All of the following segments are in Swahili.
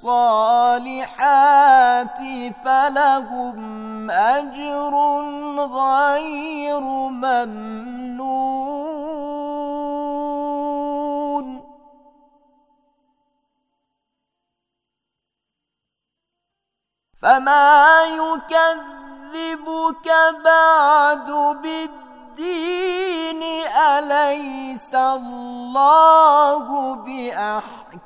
الصالحات فلهم اجر غير ممنون فما يكذبك بعد بالدين أليس الله باحد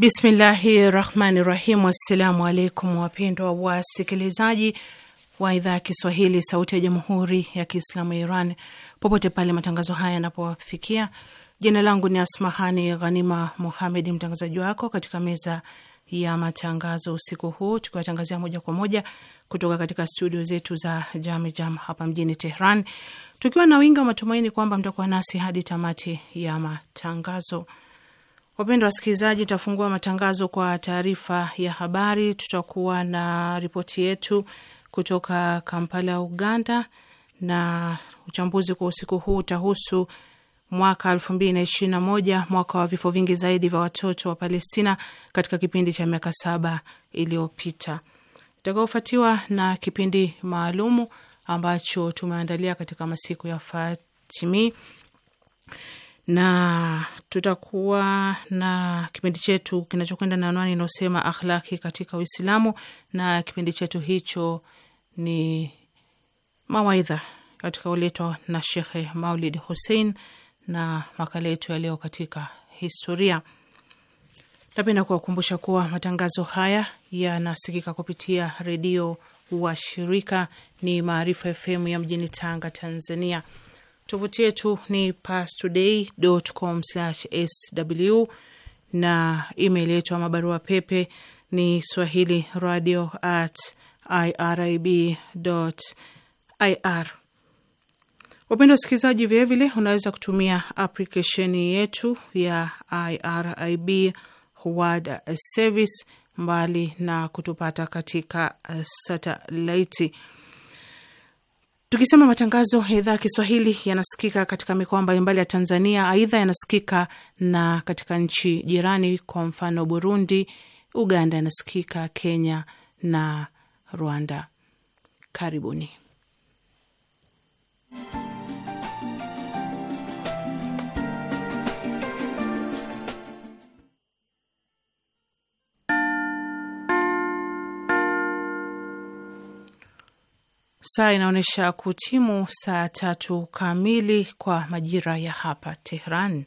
Bismillahi rahmani rahim. Assalamu alaikum wapendwa wasikilizaji wa idhaa ya Kiswahili sauti ya jamhuri ya Kiislamu ya Iran popote pale matangazo haya yanapowafikia. Jina langu ni Asmahani Ghanima Muhamed, mtangazaji wako katika meza ya matangazo usiku huu, tukiwatangazia moja kwa moja kutoka katika studio zetu za Jamjam Jam hapa mjini Tehran, tukiwa na wingi wa matumaini kwamba mtakuwa nasi hadi tamati ya matangazo. Wapendwa wasikilizaji, tafungua matangazo kwa taarifa ya habari. Tutakuwa na ripoti yetu kutoka Kampala ya Uganda, na uchambuzi kwa usiku huu utahusu mwaka elfu mbili na ishirini na moja, mwaka wa vifo vingi zaidi vya watoto wa Palestina katika kipindi cha miaka saba iliyopita, utakaofuatiwa na kipindi maalumu ambacho tumeandalia katika masiku ya Fatimi na tutakuwa na kipindi chetu kinachokwenda na anwani inayosema akhlaki katika Uislamu, na kipindi chetu hicho ni mawaidha katika uletwa na Shekhe Maulid Hussein na makala yetu ya leo katika historia. Napenda kuwakumbusha kuwa matangazo haya yanasikika kupitia redio wa shirika ni Maarifa FM ya mjini Tanga, Tanzania. Tovuti yetu ni pastoday.com sw na email yetu ama barua pepe ni swahili radio at irib ir. Wapenda wasikilizaji, vilevile unaweza kutumia aplikesheni yetu ya IRIB World Service mbali na kutupata katika satelaiti. Tukisema matangazo ya idhaa ya Kiswahili yanasikika katika mikoa mbalimbali ya Tanzania. Aidha, yanasikika na katika nchi jirani, kwa mfano Burundi, Uganda, yanasikika Kenya na Rwanda. Karibuni. Saa inaonyesha kutimu saa tatu kamili kwa majira ya hapa Tehran.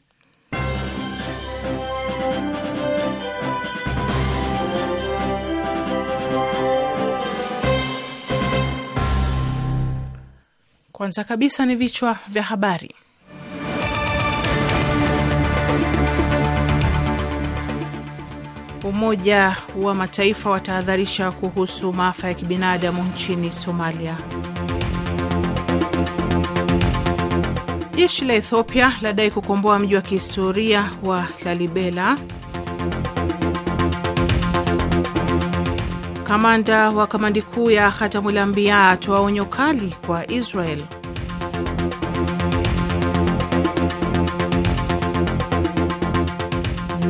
Kwanza kabisa ni vichwa vya habari. Umoja wa Mataifa watahadharisha kuhusu maafa ya kibinadamu nchini Somalia. Jeshi la Ethiopia ladai kukomboa mji wa kihistoria wa Lalibela. Kamanda wa kamandi kuu ya hatamulambia Anbiya atoa onyo kali kwa Israel.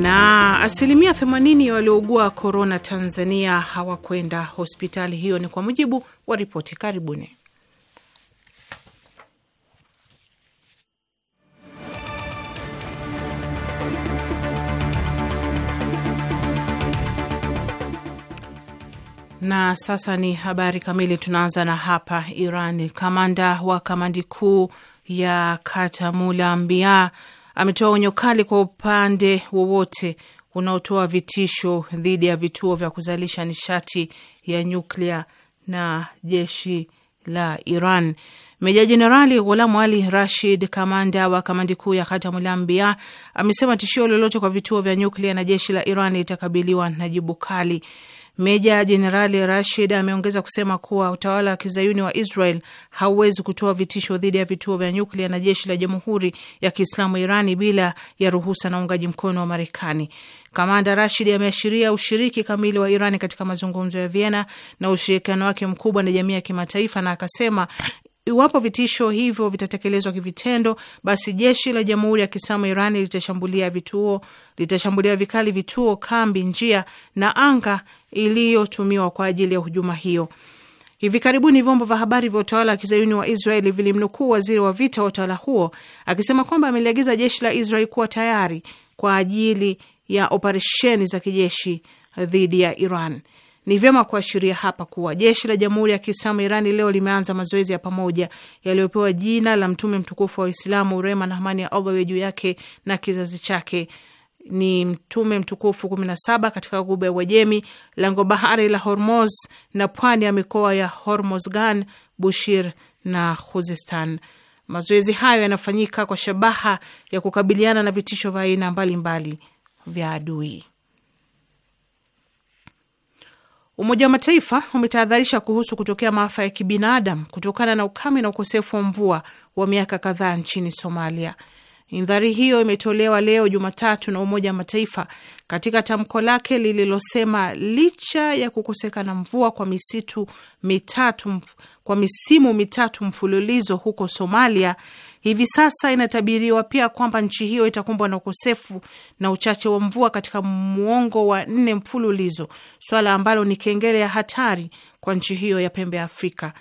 Na asilimia 80 ya waliougua korona Tanzania hawakwenda hospitali. Hiyo ni kwa mujibu wa ripoti. Karibuni. Na sasa ni habari kamili. Tunaanza na hapa Iran. Kamanda wa kamandi kuu ya Katamula Mbia ametoa onyo kali kwa upande wowote unaotoa vitisho dhidi ya vituo vya kuzalisha nishati ya nyuklia na jeshi la Iran. Meja Jenerali Ghulamu Ali Rashid, kamanda wa kamandi kuu ya Khatamul Anbiya, amesema tishio lolote kwa vituo vya nyuklia na jeshi la Iran litakabiliwa na jibu kali. Meja Jenerali Rashid ameongeza kusema kuwa utawala wa kizayuni wa Israel hauwezi kutoa vitisho dhidi ya vituo vya nyuklia na jeshi la jamhuri ya kiislamu Irani bila ya ruhusa na uungaji mkono wa Marekani. Kamanda Rashid ameashiria ushiriki kamili wa Irani katika mazungumzo ya Vienna na ushirikiano wake mkubwa na jamii ya kimataifa, na akasema Iwapo vitisho hivyo vitatekelezwa kivitendo, basi jeshi la jamhuri ya kiislamu Irani litashambulia vituo, litashambulia vikali vituo, kambi, njia na anga iliyotumiwa kwa ajili ya hujuma hiyo. Hivi karibuni vyombo vya habari vya utawala wa kizayuni wa Israeli vilimnukuu waziri wa vita wa utawala huo akisema kwamba ameliagiza jeshi la Israeli kuwa tayari kwa ajili ya operesheni za kijeshi dhidi ya Iran. Ni vyema kuashiria hapa kuwa jeshi la Jamhuri ya Kiislamu Irani leo limeanza mazoezi ya pamoja yaliyopewa jina la Mtume mtukufu wa Uislamu, rehma na amani ya Allah juu yake na kizazi chake ni Mtume mtukufu saba katika Ghuba ya Uajemi, lango bahari la Hormuz na pwani ya mikoa ya Hormozgan, Bushir na Khuzistan. Mazoezi hayo yanafanyika kwa shabaha ya kukabiliana na vitisho vya aina mbalimbali vya adui. Umoja wa Mataifa umetahadharisha kuhusu kutokea maafa ya kibinadamu kutokana na ukame na ukosefu wa mvua wa miaka kadhaa nchini Somalia. Indhari hiyo imetolewa leo Jumatatu na Umoja wa Mataifa katika tamko lake lililosema licha ya kukosekana mvua kwa misitu mitatu, kwa misimu mitatu mfululizo huko Somalia, Hivi sasa inatabiriwa pia kwamba nchi hiyo itakumbwa na ukosefu na uchache wa mvua katika muongo wa nne mfululizo, swala ambalo ni kengele ya hatari kwa nchi hiyo ya pembe ya Afrika.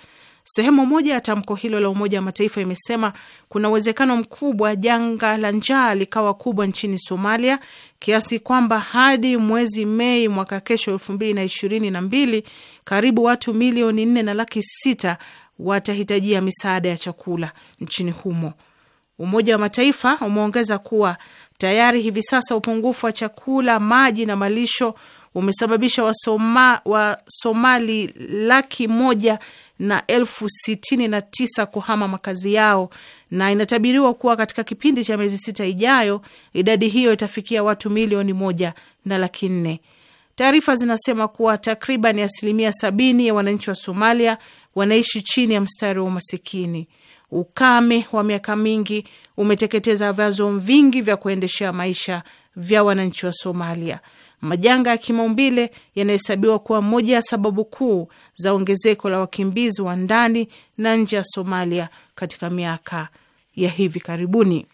Sehemu moja ya tamko hilo la Umoja wa Mataifa imesema kuna uwezekano mkubwa janga la njaa likawa kubwa nchini Somalia kiasi kwamba hadi mwezi Mei mwaka kesho elfu mbili na ishirini na mbili karibu watu milioni nne na laki sita watahitajia misaada ya chakula nchini humo. Umoja wa Mataifa umeongeza kuwa tayari hivi sasa upungufu wa chakula, maji na malisho umesababisha wasoma, Wasomali laki moja na elfu sitini na tisa kuhama makazi yao na inatabiriwa kuwa katika kipindi cha miezi sita ijayo idadi hiyo itafikia watu milioni moja na laki nne. Taarifa zinasema kuwa takriban asilimia sabini ya wananchi wa Somalia wanaishi chini ya mstari wa umasikini. Ukame wa miaka mingi umeteketeza vyanzo vingi vya kuendeshea maisha vya wananchi wa Somalia. Majanga ya kimaumbile yanahesabiwa kuwa moja ya sababu kuu za ongezeko la wakimbizi wa ndani na nje ya Somalia katika miaka ya hivi karibuni.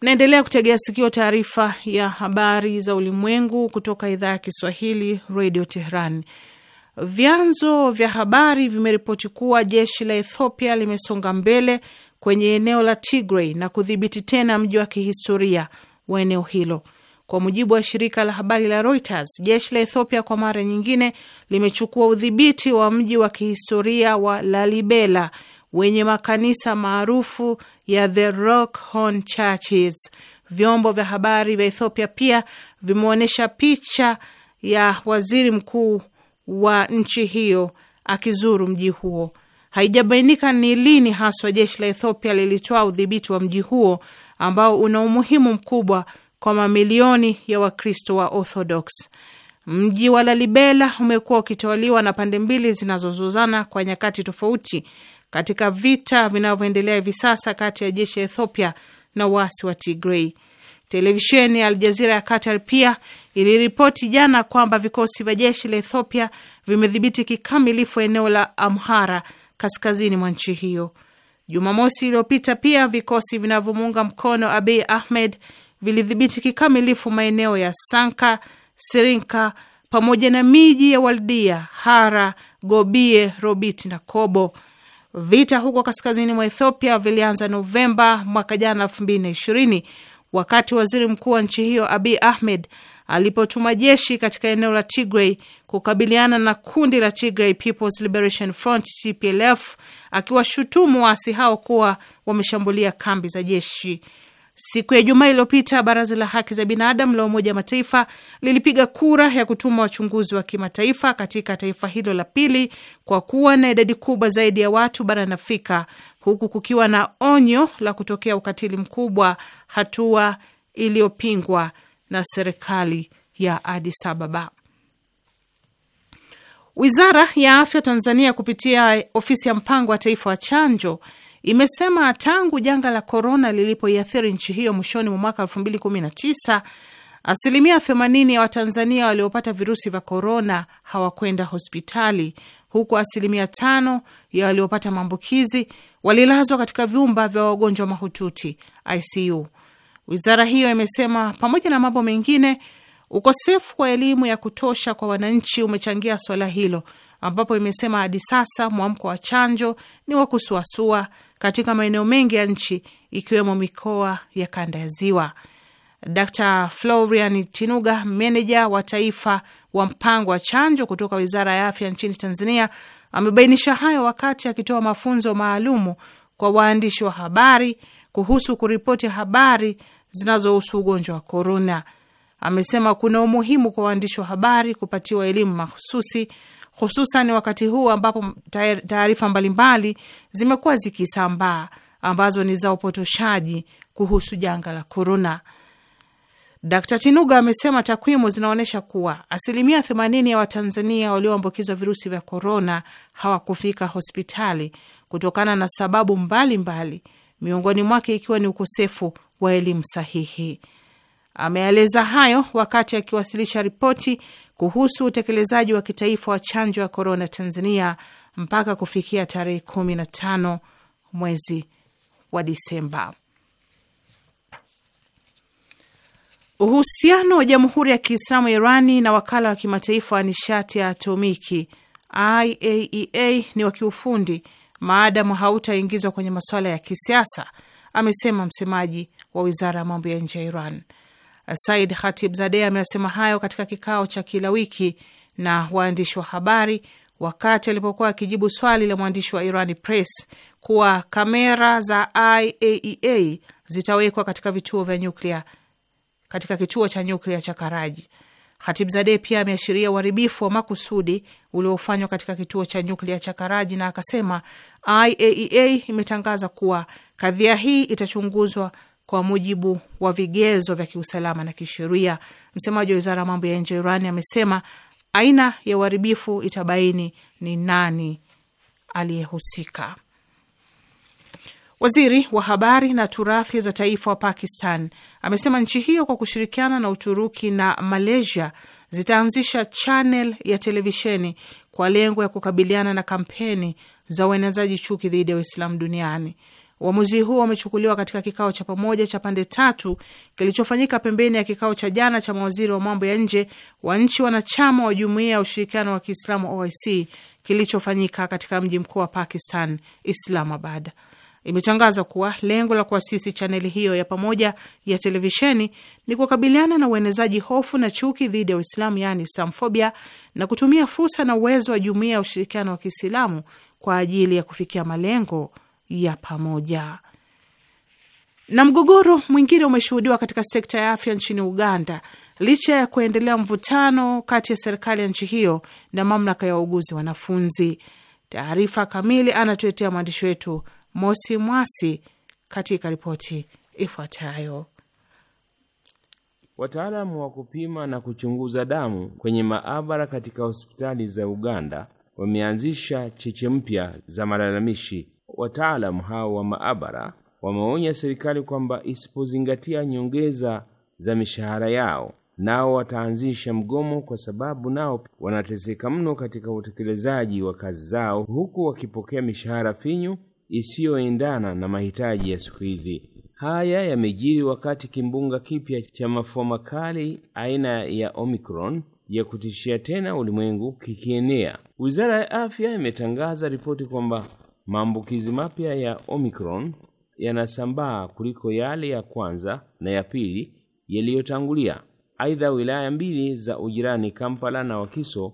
Naendelea kutegea sikio taarifa ya habari za ulimwengu kutoka idhaa ya Kiswahili, Radio Tehran. Vyanzo vya habari vimeripoti kuwa jeshi la Ethiopia limesonga mbele kwenye eneo la Tigray na kudhibiti tena mji wa kihistoria wa eneo hilo. Kwa mujibu wa shirika la habari la Reuters, jeshi la Ethiopia kwa mara nyingine limechukua udhibiti wa mji wa kihistoria wa Lalibela wenye makanisa maarufu ya The Rock Horn Churches. Vyombo vya habari vya Ethiopia pia vimeonyesha picha ya waziri mkuu wa nchi hiyo akizuru mji huo. Haijabainika ni lini haswa jeshi la Ethiopia lilitoa udhibiti wa mji huo ambao una umuhimu mkubwa kwa mamilioni ya Wakristo wa Orthodox. Mji wa Lalibela umekuwa ukitawaliwa na pande mbili zinazozozana kwa nyakati tofauti katika vita vinavyoendelea hivi sasa kati ya jeshi ya Ethiopia na waasi wa Tigrei. Televisheni ya Aljazira ya Qatar pia iliripoti jana kwamba vikosi vya jeshi la Ethiopia vimedhibiti kikamilifu eneo la Amhara kaskazini mwa nchi hiyo. Jumamosi iliyopita pia vikosi vinavyomuunga mkono Abiy Ahmed vilidhibiti kikamilifu maeneo ya Sanka, Sirinka pamoja na miji ya Waldia, Hara, Gobie, Robit na Kobo. Vita huko kaskazini mwa Ethiopia vilianza Novemba mwaka jana 2020 wakati waziri mkuu wa nchi hiyo Abiy Ahmed alipotuma jeshi katika eneo la Tigray kukabiliana na kundi la Tigray People's Liberation Front TPLF, akiwashutumu waasi hao kuwa wameshambulia kambi za jeshi. Siku ya Jumaa iliyopita baraza la haki za binadamu la Umoja wa Mataifa lilipiga kura ya kutuma wachunguzi wa kimataifa katika taifa hilo la pili kwa kuwa na idadi kubwa zaidi ya watu barani Afrika, huku kukiwa na onyo la kutokea ukatili mkubwa, hatua iliyopingwa na serikali ya Addis Ababa. Wizara ya afya Tanzania kupitia ofisi ya mpango wa taifa wa chanjo imesema tangu janga la korona lilipoiathiri nchi hiyo mwishoni mwa mwaka 2019 asilimia 80 ya Watanzania waliopata virusi vya korona hawakwenda hospitali, huku asilimia tano ya waliopata maambukizi walilazwa katika vyumba vya wagonjwa mahututi ICU. Wizara hiyo imesema pamoja na mambo mengine, ukosefu wa elimu ya kutosha kwa wananchi umechangia swala hilo, ambapo imesema hadi sasa mwamko wa chanjo ni wa kusuasua katika maeneo mengi ya nchi ikiwemo mikoa ya kanda ya Ziwa. Dr Florian Tinuga, meneja wa taifa wa mpango wa chanjo kutoka wizara ya afya nchini Tanzania, amebainisha hayo wakati akitoa mafunzo maalumu kwa waandishi wa habari kuhusu kuripoti habari zinazohusu ugonjwa wa korona. Amesema kuna umuhimu kwa waandishi wa habari kupatiwa elimu mahususi, hususan wakati huu ambapo taarifa mbalimbali zimekuwa zikisambaa ambazo ni za upotoshaji kuhusu janga la korona. Dkt Tinuga amesema takwimu zinaonyesha kuwa asilimia 80 ya Watanzania walioambukizwa virusi vya korona hawakufika hospitali kutokana na sababu mbalimbali mbali, miongoni mwake ikiwa ni ukosefu wa elimu sahihi. Ameeleza hayo wakati akiwasilisha ripoti kuhusu utekelezaji wa kitaifa wa chanjo ya korona Tanzania mpaka kufikia tarehe kumi na tano mwezi wa Disemba. Uhusiano wa Jamhuri ya Kiislamu ya Irani na wakala wa kimataifa wa nishati ya atomiki IAEA e ni wa kiufundi maadamu hautaingizwa kwenye masuala ya kisiasa, amesema msemaji wa wizara ya mambo ya nje ya Iran. Said Khatibzadeh amesema hayo katika kikao cha kila wiki na waandishi wa habari wakati alipokuwa akijibu swali la mwandishi wa Iran Press kuwa kamera za IAEA e zitawekwa katika vituo vya nyuklia katika kituo cha nyuklia cha Karaji. Khatibzadeh pia ameashiria uharibifu wa makusudi uliofanywa katika kituo cha nyuklia cha Karaji na akasema IAEA e imetangaza kuwa kadhia hii itachunguzwa kwa mujibu wa vigezo vya kiusalama na kisheria. Msemaji wa wizara ya mambo ya nje ya Irani amesema aina ya uharibifu itabaini ni nani aliyehusika. Waziri wa habari na turathi za taifa wa Pakistan amesema nchi hiyo kwa kushirikiana na Uturuki na Malaysia zitaanzisha chanel ya televisheni kwa lengo ya kukabiliana na kampeni za uenezaji chuki dhidi ya Uislamu duniani. Uamuzi huo umechukuliwa katika kikao cha pamoja cha pande tatu kilichofanyika pembeni ya kikao cha jana cha mawaziri wa mambo ya nje wa nchi wanachama wa Jumuiya ya Ushirikiano wa Kiislamu OIC kilichofanyika katika mji mkuu wa Pakistan, Islamabad imetangaza kuwa lengo la kuasisi chaneli hiyo ya pamoja ya televisheni ni kukabiliana na uenezaji hofu na chuki dhidi ya Uislamu, yaani Islamfobia, na kutumia fursa na uwezo wa jumuiya ya ushirikiano wa Kiislamu kwa ajili ya kufikia malengo ya pamoja. Na mgogoro mwingine umeshuhudiwa katika sekta ya afya nchini Uganda licha ya kuendelea mvutano kati ya serikali ya nchi hiyo na mamlaka ya uuguzi wanafunzi. Taarifa kamili anatuletea mwandishi wetu Mosi Mwasi katika ripoti ifuatayo. Wataalamu wa kupima na kuchunguza damu kwenye maabara katika hospitali za Uganda wameanzisha cheche mpya za malalamishi. Wataalamu hao wa maabara wameonya serikali kwamba isipozingatia nyongeza za mishahara yao, nao wataanzisha mgomo, kwa sababu nao wanateseka mno katika utekelezaji wa kazi zao, huku wakipokea mishahara finyu isiyoendana na mahitaji ya siku hizi. Haya yamejiri wakati kimbunga kipya cha mafua makali aina ya Omicron ya kutishia tena ulimwengu kikienea. Wizara ya Afya imetangaza ripoti kwamba maambukizi mapya ya Omicron yanasambaa kuliko yale ya kwanza na ya pili yaliyotangulia. Aidha, wilaya mbili za ujirani Kampala na Wakiso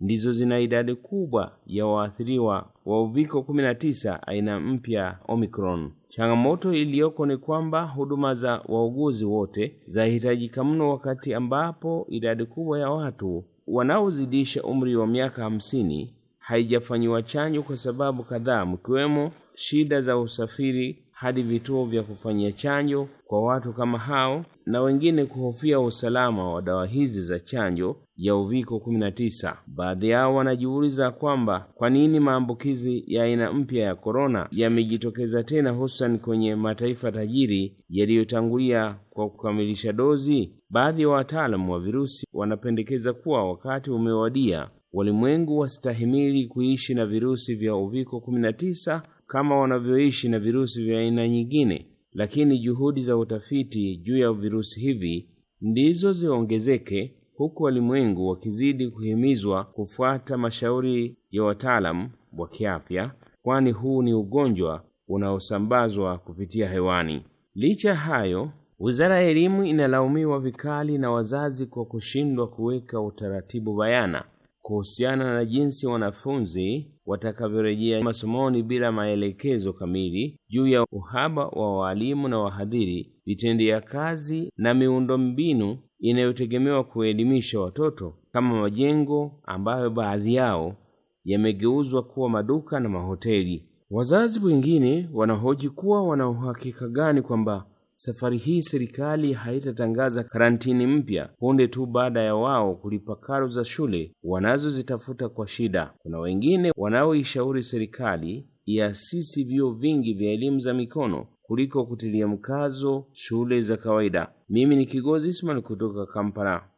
ndizo zina idadi kubwa ya waathiriwa wa uviko 19 aina mpya Omicron. Changamoto iliyoko ni kwamba huduma za wauguzi wote zahitajika mno, wakati ambapo idadi kubwa ya watu wanaozidisha umri wa miaka hamsini haijafanyiwa chanjo kwa sababu kadhaa, mkiwemo shida za usafiri hadi vituo vya kufanyia chanjo kwa watu kama hao, na wengine kuhofia usalama wa dawa hizi za chanjo ya uviko 19. Baadhi yao wanajiuliza kwamba kwa nini maambukizi ya aina mpya ya korona yamejitokeza tena, hususan kwenye mataifa tajiri yaliyotangulia kwa kukamilisha dozi. Baadhi ya wataalamu wa virusi wanapendekeza kuwa wakati umewadia walimwengu wastahimili kuishi na virusi vya uviko 19 kama wanavyoishi na virusi vya aina nyingine lakini juhudi za utafiti juu ya virusi hivi ndizo ziongezeke, huku walimwengu wakizidi kuhimizwa kufuata mashauri ya wataalamu wa kiafya, kwani huu ni ugonjwa unaosambazwa kupitia hewani. Licha hayo, wizara ya elimu inalaumiwa vikali na wazazi kwa kushindwa kuweka utaratibu bayana kuhusiana na jinsi wanafunzi watakavyorejea masomoni bila maelekezo kamili juu ya uhaba wa walimu na wahadhiri, vitendea kazi na miundombinu inayotegemewa kuelimisha watoto kama majengo ambayo baadhi yao yamegeuzwa kuwa maduka na mahoteli. Wazazi wengine wanahoji kuwa wana uhakika gani kwamba Safari hii serikali haitatangaza karantini mpya punde tu baada ya wao kulipa karo za shule wanazozitafuta kwa shida. Kuna wengine wanaoishauri serikali iasisi vyuo vingi vya elimu za mikono kuliko kutilia mkazo shule za kawaida. Mimi ni Kigozi Ismail kutoka Kampala.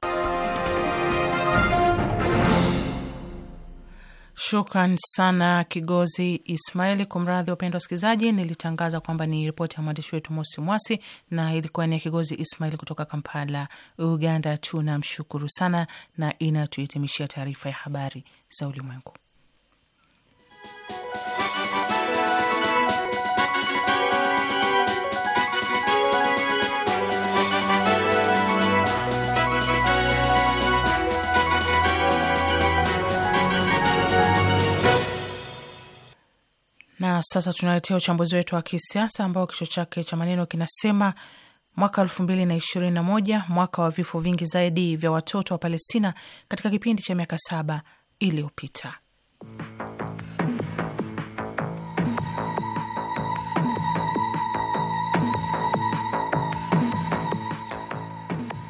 Shukran sana Kigozi Ismaili. Kumradhi wapendwa wasikilizaji, nilitangaza kwamba ni ripoti ya mwandishi wetu Mosi Mwasi na ilikuwa ni ya Kigozi Ismaili kutoka Kampala, Uganda. Tunamshukuru sana na inatuhitimishia taarifa ya habari za ulimwengu. Na sasa tunaletea uchambuzi wetu wa kisiasa ambao kichwa chake cha maneno kinasema mwaka elfu mbili na ishirini na moja mwaka wa vifo vingi zaidi vya watoto wa Palestina katika kipindi cha miaka saba iliyopita.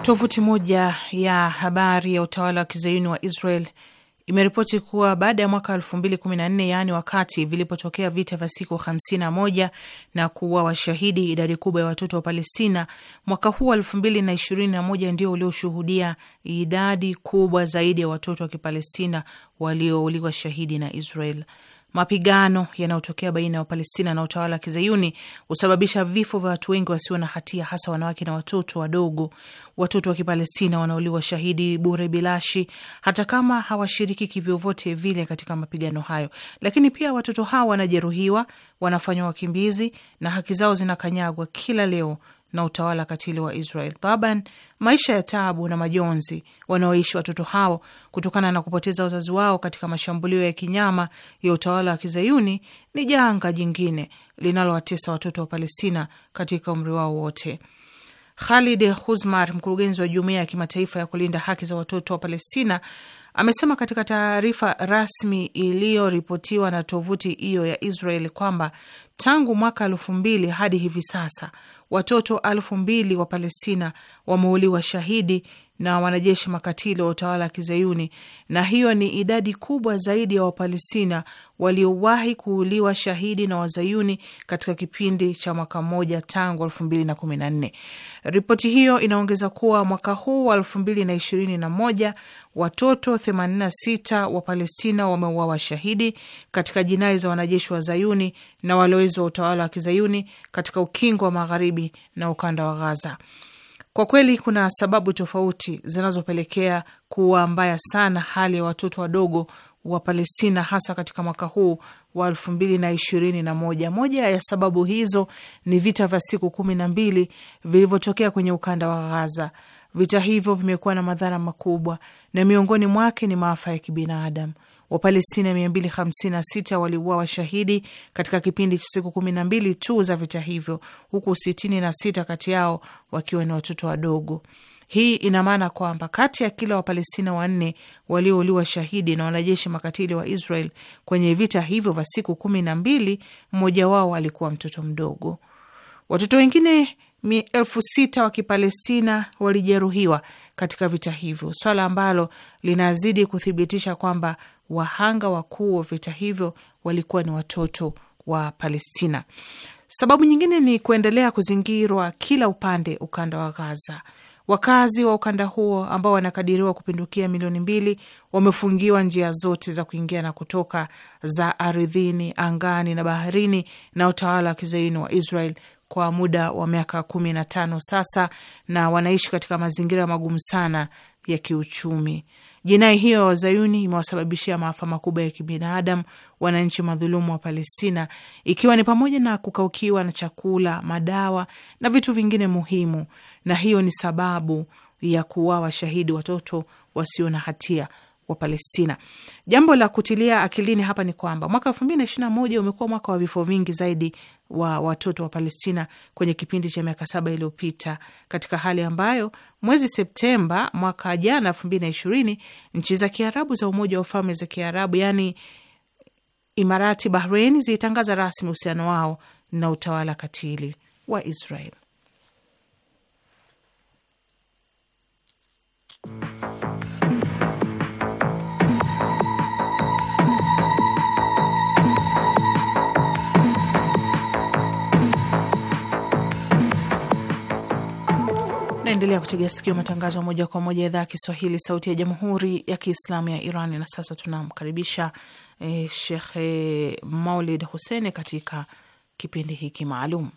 Tovuti moja ya habari ya utawala wa kizayuni wa Israel imeripoti kuwa baada ya mwaka elfu mbili kumi na nne yaani wakati vilipotokea vita vya siku hamsini na moja na kuwa washahidi idadi kubwa ya watoto wa Palestina, mwaka huu wa elfu mbili na ishirini na moja ndio ulioshuhudia idadi kubwa zaidi ya watoto wa Kipalestina waliouliwa shahidi na Israel. Mapigano yanayotokea baina ya Wapalestina na utawala wa kizayuni husababisha vifo vya watu wengi wasio na hatia, hasa wanawake na watoto wadogo. Watoto wa Kipalestina wanauliwa shahidi bure bilashi, hata kama hawashiriki kivyovyote vile katika mapigano hayo. Lakini pia watoto hawa wanajeruhiwa, wanafanywa wakimbizi na haki zao zinakanyagwa kila leo na utawala katili wa Israel. Taban, maisha ya tabu na majonzi wanaoishi watoto hao kutokana na kupoteza wazazi wao katika mashambulio ya kinyama ya utawala wa kizayuni ni janga jingine linalowatesa watoto wa Palestina katika umri wao wote. Khalid Huzmar, mkurugenzi wa Jumuiya ya Kimataifa ya Kulinda Haki za Watoto wa Palestina, amesema katika taarifa rasmi iliyoripotiwa na tovuti hiyo ya Israel kwamba tangu mwaka elfu mbili hadi hivi sasa watoto elfu mbili wa Palestina wameuliwa shahidi na wanajeshi makatili wa utawala wa Kizayuni, na hiyo ni idadi kubwa zaidi ya Wapalestina waliowahi kuuliwa shahidi na Wazayuni katika kipindi cha mwaka mmoja tangu elfu mbili na kumi na nne. Ripoti hiyo inaongeza kuwa mwaka huu wa elfu mbili na ishirini na moja Watoto 86 wa Palestina wameuawa shahidi katika jinai za wanajeshi wa Zayuni na walowezi wa utawala wa kizayuni katika ukingo wa magharibi na ukanda wa Ghaza. Kwa kweli kuna sababu tofauti zinazopelekea kuwa mbaya sana hali ya watoto wadogo wa Palestina, hasa katika mwaka huu wa elfu mbili na ishirini na moja. Moja ya sababu hizo ni vita vya siku kumi na mbili vilivyotokea kwenye ukanda wa Ghaza. Vita hivyo vimekuwa na madhara makubwa na miongoni mwake ni maafa ya kibinadamu. Wapalestina 256 waliuawa washahidi katika kipindi cha siku 12 tu za vita hivyo, huku 66 kati yao wakiwa ni watoto wadogo. Hii ina maana kwamba kati ya kila Wapalestina wanne waliouliwa shahidi na wanajeshi makatili wa Israel kwenye vita hivyo vya siku kumi na mbili, mmoja wao alikuwa mtoto mdogo. Watoto wengine elfu sita wa Kipalestina walijeruhiwa katika vita hivyo, swala ambalo linazidi kuthibitisha kwamba wahanga wakuu wa vita hivyo walikuwa ni watoto wa Palestina. Sababu nyingine ni kuendelea kuzingirwa kila upande ukanda wa Gaza. Wakazi wa ukanda huo ambao wanakadiriwa kupindukia milioni mbili wamefungiwa njia zote za kuingia na kutoka za ardhini, angani na baharini na utawala wa kizaini wa Israel kwa muda wa miaka kumi na tano sasa, na wanaishi katika mazingira magumu sana ya kiuchumi. Jinai hiyo ya wazayuni imewasababishia maafa makubwa ya kibinadamu wananchi madhulumu wa Palestina, ikiwa ni pamoja na kukaukiwa na chakula, madawa na vitu vingine muhimu, na hiyo ni sababu ya kuwawa shahidi watoto wasio na hatia wa Palestina. Jambo la kutilia akilini hapa ni kwamba mwaka elfu mbili na ishirini na moja umekuwa mwaka wa vifo vingi zaidi wa watoto wa Palestina kwenye kipindi cha miaka saba iliyopita, katika hali ambayo mwezi Septemba mwaka jana elfu mbili na ishirini nchi za Kiarabu za Umoja wa Falme za Kiarabu yani Imarati, bahrein zilitangaza rasmi uhusiano wao na utawala katili wa Israel. Naendelea kutegea sikio matangazo moja kwa moja idhaa ya Kiswahili, sauti ya jamhuri ya kiislamu ya Iran. Na sasa tunamkaribisha eh, Shekhe Maulid huseni katika kipindi hiki maalum.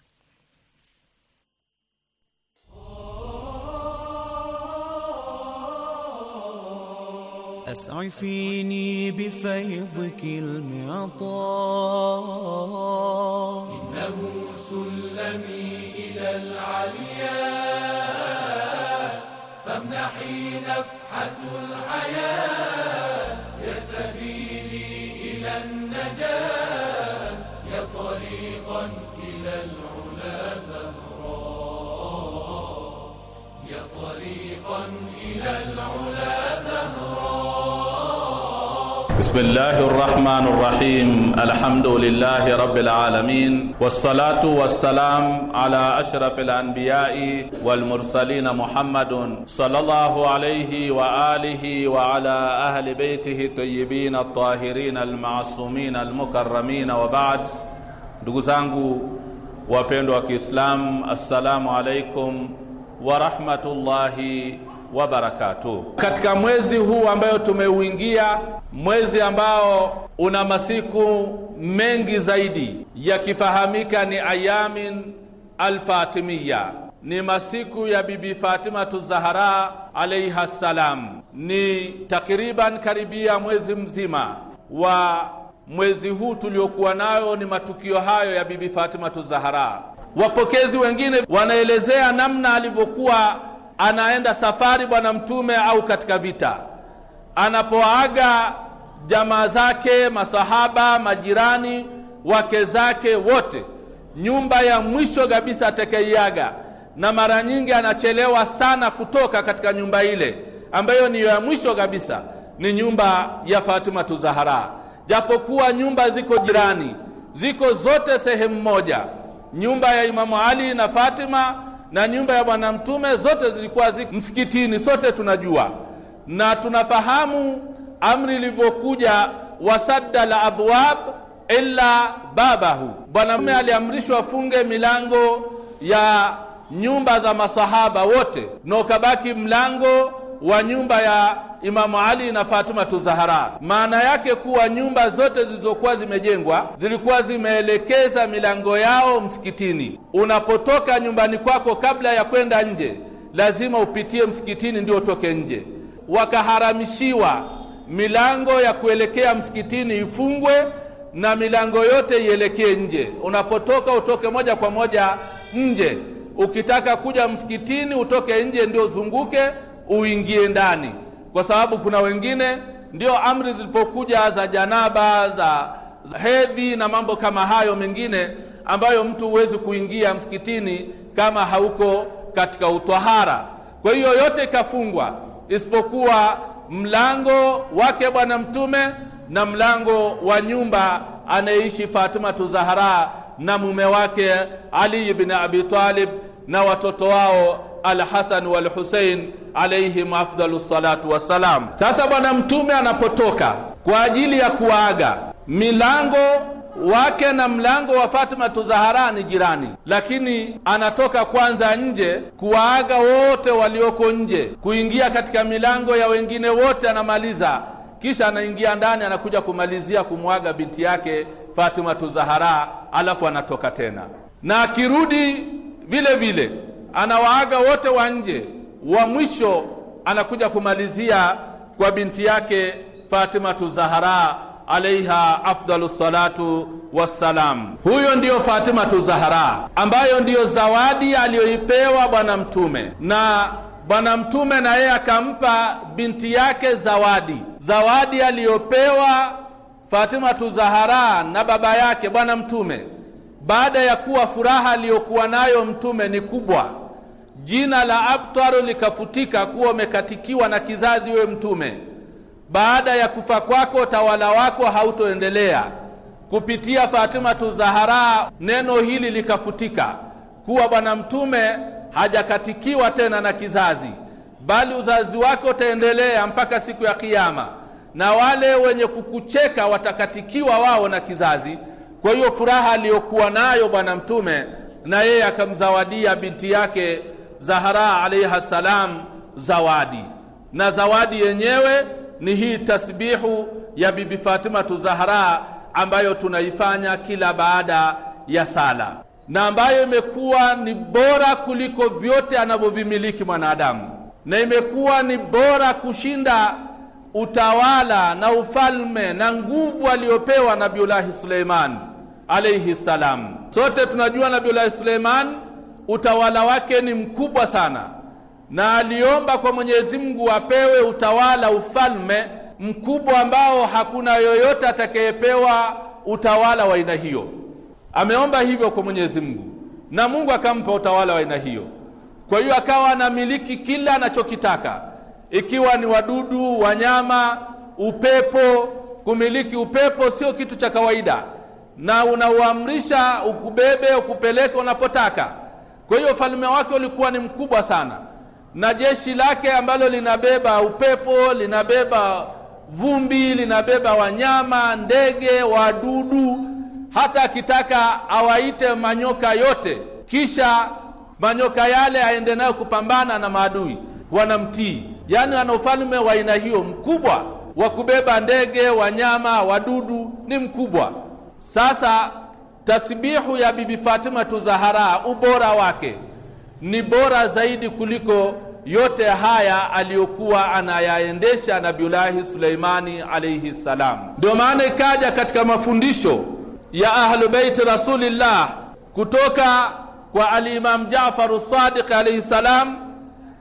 innahu sulami ila فامنحي نفحة الحياة بسم الله الرحمن الرحيم الحمد لله رب العالمين والصلاة والسلام على أشرف الأنبياء والمرسلين محمد صلى الله عليه وآله وعلى أهل بيته الطيبين الطاهرين المعصومين المكرمين وبعد دوزانغو وبين إسلام السلام عليكم ورحمة الله barakatuh. Katika mwezi huu ambayo tumeuingia, mwezi ambao una masiku mengi zaidi yakifahamika ni ayamin alfatimiya, ni masiku ya Bibi Fatima Zahara alaiha salam, ni takriban karibia mwezi mzima wa mwezi huu tuliokuwa nayo ni matukio hayo ya Bibi Fatima Zahara. Wapokezi wengine wanaelezea namna alivyokuwa anaenda safari bwana mtume au katika vita, anapoaga jamaa zake, masahaba, majirani, wake zake wote, nyumba ya mwisho kabisa atakaiaga, na mara nyingi anachelewa sana kutoka katika nyumba ile ambayo ni ya mwisho kabisa, ni nyumba ya Fatima Tuzahara. Japokuwa nyumba ziko jirani, ziko zote sehemu moja, nyumba ya Imamu Ali na Fatima na nyumba ya Bwana Mtume zote zilikuwa ziko msikitini. Sote tunajua na tunafahamu amri ilivyokuja, wasadda la abwab illa babahu. Bwana Mtume aliamrishwa afunge milango ya nyumba za masahaba wote, na ukabaki mlango wa nyumba ya Imamu Ali na Fatuma Tuzahara. Maana yake kuwa nyumba zote zilizokuwa zimejengwa zilikuwa zimeelekeza milango yao msikitini. Unapotoka nyumbani kwako, kabla ya kwenda nje, lazima upitie msikitini ndio utoke nje. Wakaharamishiwa milango ya kuelekea msikitini ifungwe na milango yote ielekee nje. Unapotoka utoke moja kwa moja nje. Ukitaka kuja msikitini utoke nje ndio uzunguke uingie ndani, kwa sababu kuna wengine ndio amri zilipokuja za janaba za, hedhi na mambo kama hayo mengine ambayo mtu huwezi kuingia msikitini kama hauko katika utwahara. Kwa hiyo yote ikafungwa isipokuwa mlango wake Bwana Mtume na mlango wa nyumba anayeishi Fatima Tuzahara na mume wake Ali ibn Abi Talib na watoto wao Alhasan walhusein alaihim afdalu salatu wassalam. Sasa Bwana Mtume anapotoka kwa ajili ya kuwaaga, milango wake na mlango wa Fatima Tuzahara ni jirani, lakini anatoka kwanza nje kuwaaga wote walioko nje, kuingia katika milango ya wengine wote anamaliza, kisha anaingia ndani, anakuja kumalizia kumwaga binti yake Fatima Tuzahara, alafu anatoka tena na akirudi vile vile anawaaga wote wa nje, wa mwisho anakuja kumalizia kwa binti yake Fatimatu Zahara alaiha afdalu salatu wassalam. Huyo ndiyo Fatimatu Zahara ambayo ndiyo zawadi aliyoipewa Bwana Mtume, na Bwana Mtume na yeye akampa binti yake zawadi. Zawadi aliyopewa Fatimatu Zahara na baba yake Bwana Mtume, baada ya kuwa furaha aliyokuwa nayo Mtume ni kubwa jina la abtaru likafutika kuwa umekatikiwa na kizazi we mtume baada ya kufa kwako tawala wako hautoendelea kupitia fatimatu zahara neno hili likafutika kuwa bwana mtume hajakatikiwa tena na kizazi bali uzazi wako utaendelea mpaka siku ya kiyama na wale wenye kukucheka watakatikiwa wao na kizazi kwa hiyo furaha aliyokuwa nayo bwana mtume na yeye akamzawadia binti yake Zahara alaiha salam zawadi, na zawadi yenyewe ni hii tasbihu ya Bibi Fatimatu Zahara ambayo tunaifanya kila baada ya sala na ambayo imekuwa ni bora kuliko vyote anavyovimiliki mwanadamu, na imekuwa ni bora kushinda utawala na ufalme na nguvu aliyopewa Nabiullahi Suleiman alaihi salam. Sote tunajua Nabiullahi Suleiman utawala wake ni mkubwa sana, na aliomba kwa Mwenyezi Mungu apewe utawala, ufalme mkubwa ambao hakuna yoyote atakayepewa utawala wa aina hiyo. Ameomba hivyo kwa Mwenyezi Mungu na Mungu akampa utawala wa aina hiyo. Kwa hiyo akawa anamiliki kila anachokitaka, ikiwa ni wadudu, wanyama, upepo. Kumiliki upepo sio kitu cha kawaida, na unauamrisha ukubebe, ukupeleke unapotaka kwa hiyo ufalme wake ulikuwa ni mkubwa sana, na jeshi lake ambalo linabeba upepo, linabeba vumbi, linabeba wanyama, ndege, wadudu, hata akitaka awaite manyoka yote, kisha manyoka yale aende nayo kupambana na maadui, wanamtii. Yaani ana ufalme wa aina hiyo mkubwa wa kubeba ndege, wanyama, wadudu, ni mkubwa sasa tasbihu ya Bibi Fatima Tuzahara, ubora wake ni bora zaidi kuliko yote haya aliyokuwa anayaendesha Nabiullahi Suleimani alaihi ssalam. Ndio maana ikaja katika mafundisho ya Ahlubeiti Rasulillah kutoka kwa Alimam Jafaru Sadiq alaihi ssalam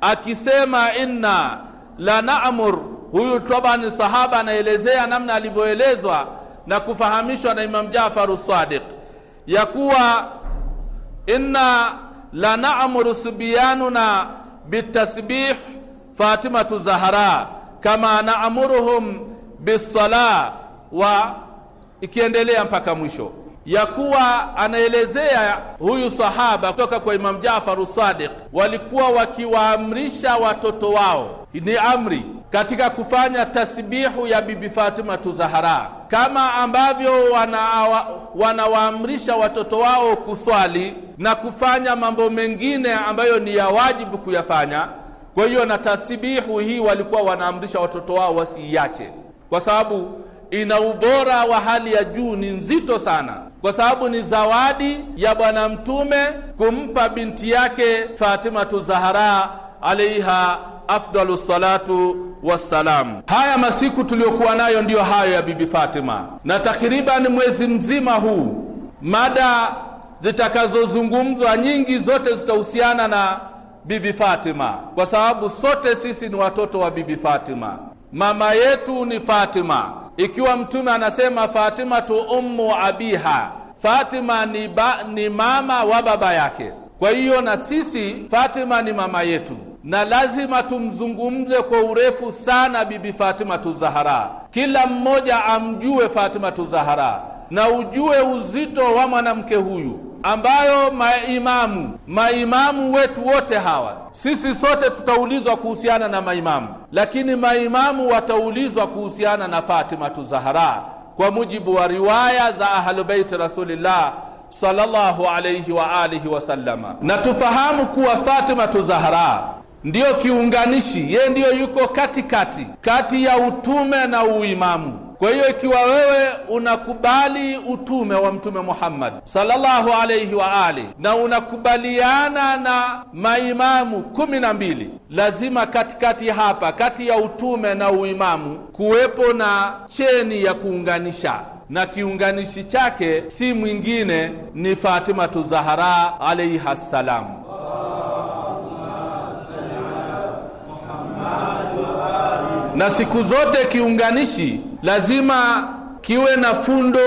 akisema inna la namur. Huyu tabani sahaba anaelezea namna alivyoelezwa na kufahamishwa na Imam Jafaru Sadiq ya kuwa inna la naamuru subyanuna bitasbih Fatimatu Zahra kama naamuruhum bisala wa ikiendelea mpaka mwisho, ya kuwa anaelezea huyu sahaba kutoka kwa Imam ja'far Sadiq, walikuwa wakiwaamrisha watoto wao, ni amri katika kufanya tasbihu ya Bibi Fatima Tuzahara, kama ambavyo wanawaamrisha wana watoto wao kuswali na kufanya mambo mengine ambayo ni ya wajibu kuyafanya. Kwa hiyo na tasbihu hii walikuwa wanaamrisha watoto wao wasiiache, kwa sababu ina ubora wa hali ya juu, ni nzito sana, kwa sababu ni zawadi ya Bwana Mtume kumpa binti yake Fatima Tuzahara alaiha afdalu salatu wassalam. Haya masiku tuliyokuwa nayo ndiyo hayo ya Bibi Fatima, na takriban mwezi mzima huu mada zitakazozungumzwa nyingi zote zitahusiana na Bibi Fatima, kwa sababu sote sisi ni watoto wa Bibi Fatima. Mama yetu ni Fatima, ikiwa Mtume anasema Fatima tu ummu abiha, Fatima ni, ba, ni mama wa baba yake. Kwa hiyo na sisi Fatima ni mama yetu na lazima tumzungumze kwa urefu sana Bibi Fatima Tuzahara, kila mmoja amjue Fatima Tuzahara na ujue uzito wa mwanamke huyu ambayo maimamu maimamu wetu wote hawa, sisi sote tutaulizwa kuhusiana na maimamu, lakini maimamu wataulizwa kuhusiana na Fatima Tuzahara kwa mujibu wa riwaya za Ahlubeiti Rasulillah sallallahu alayhi wa alihi wasallama, na tufahamu kuwa Fatima Tuzahara ndiyo kiunganishi, yeye ndiyo yuko katikati kati ya utume na uimamu. Kwa hiyo ikiwa wewe unakubali utume wa Mtume Muhammad sallallahu alayhi wa ali na unakubaliana na maimamu kumi na mbili, lazima katikati hapa kati ya utume na uimamu kuwepo na cheni ya kuunganisha na kiunganishi chake si mwingine ni Fatimatu Zahara alaiha salam. na siku zote kiunganishi lazima kiwe na fundo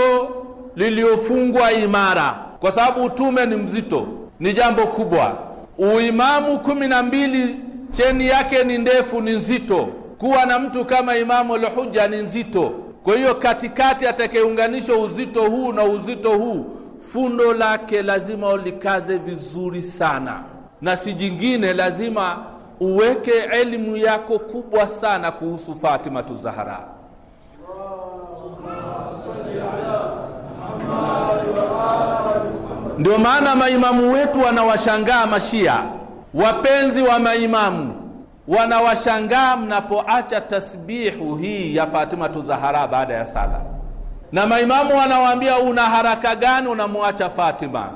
liliyofungwa imara, kwa sababu utume ni mzito, ni jambo kubwa. Uimamu kumi na mbili cheni yake ni ndefu, ni nzito. Kuwa na mtu kama Imamu Alhuja ni nzito. Kwa hiyo katikati atakayeunganisha uzito huu na uzito huu, fundo lake lazima ulikaze vizuri sana, na si jingine lazima uweke elimu yako kubwa sana kuhusu Fatima Zahra. Ndio maana maimamu wetu wanawashangaa Mashia, wapenzi wa maimamu wanawashangaa mnapoacha tasbihu hii ya Fatima Zahra baada ya sala, na maimamu wanawaambia, una haraka gani unamwacha Fatima?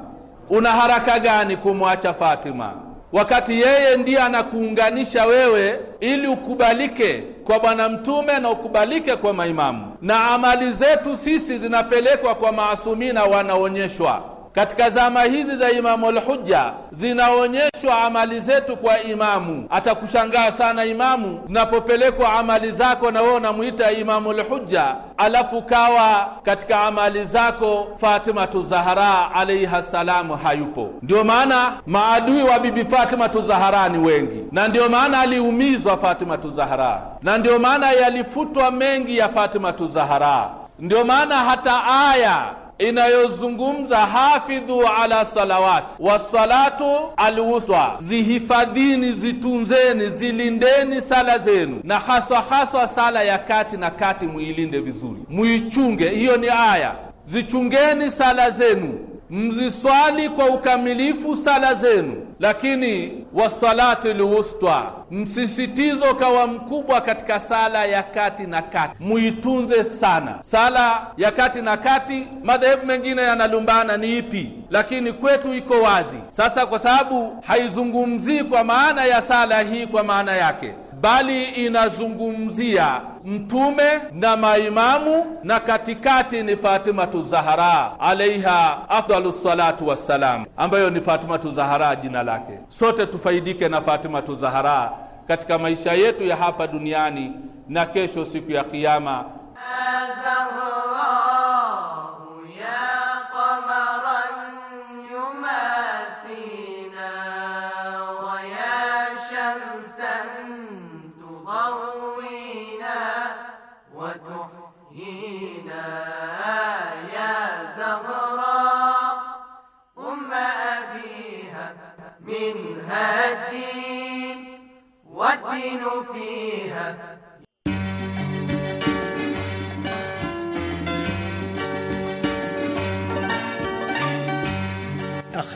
Una haraka gani kumwacha Fatima? wakati yeye ndiye anakuunganisha wewe ili ukubalike kwa Bwana Mtume na ukubalike kwa maimamu, na amali zetu sisi zinapelekwa kwa maasumina, wanaonyeshwa katika zama hizi za Imamu Alhujja zinaonyeshwa amali zetu kwa imamu. Atakushangaa sana imamu napopelekwa amali zako, na wewe unamwita Imamu lhuja alafu kawa katika amali zako Fatimatu Zahara alaiha salamu hayupo. Ndio maana maadui wa Bibi Fatimatu Zahara ni wengi, na ndio maana aliumizwa Fatimatu Zahara, na ndio maana yalifutwa mengi ya Fatimatu Zahara, ndio maana hata aya inayozungumza hafidhu ala salawat wassalatu alwusta, zihifadhini, zitunzeni, zilindeni sala zenu, na haswa haswa sala ya kati na kati muilinde vizuri, muichunge. Hiyo ni aya, zichungeni sala zenu mziswali kwa ukamilifu sala zenu, lakini wasalati lwusta, msisitizo kawa mkubwa katika sala ya kati na kati, muitunze sana sala ya kati na kati. Madhehebu mengine yanalumbana ni ipi, lakini kwetu iko wazi. Sasa kwa sababu haizungumzii kwa maana ya sala hii kwa maana yake bali inazungumzia mtume na maimamu na katikati ni Fatimatu Zahara alaiha afdalu salatu wassalam, ambayo ni Fatimatu Zahara jina lake. Sote tufaidike na Fatimatu Zahara katika maisha yetu ya hapa duniani na kesho siku ya Kiyama.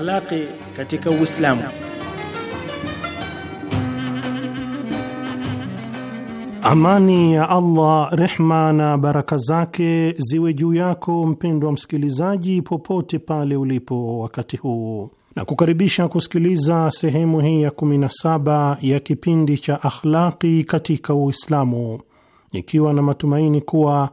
akhlaqi katika Uislamu. Amani ya Allah, rehma na baraka zake ziwe juu yako mpendwa msikilizaji, popote pale ulipo wakati huu, na kukaribisha kusikiliza sehemu hii ya 17 ya kipindi cha akhlaqi katika Uislamu, nikiwa na matumaini kuwa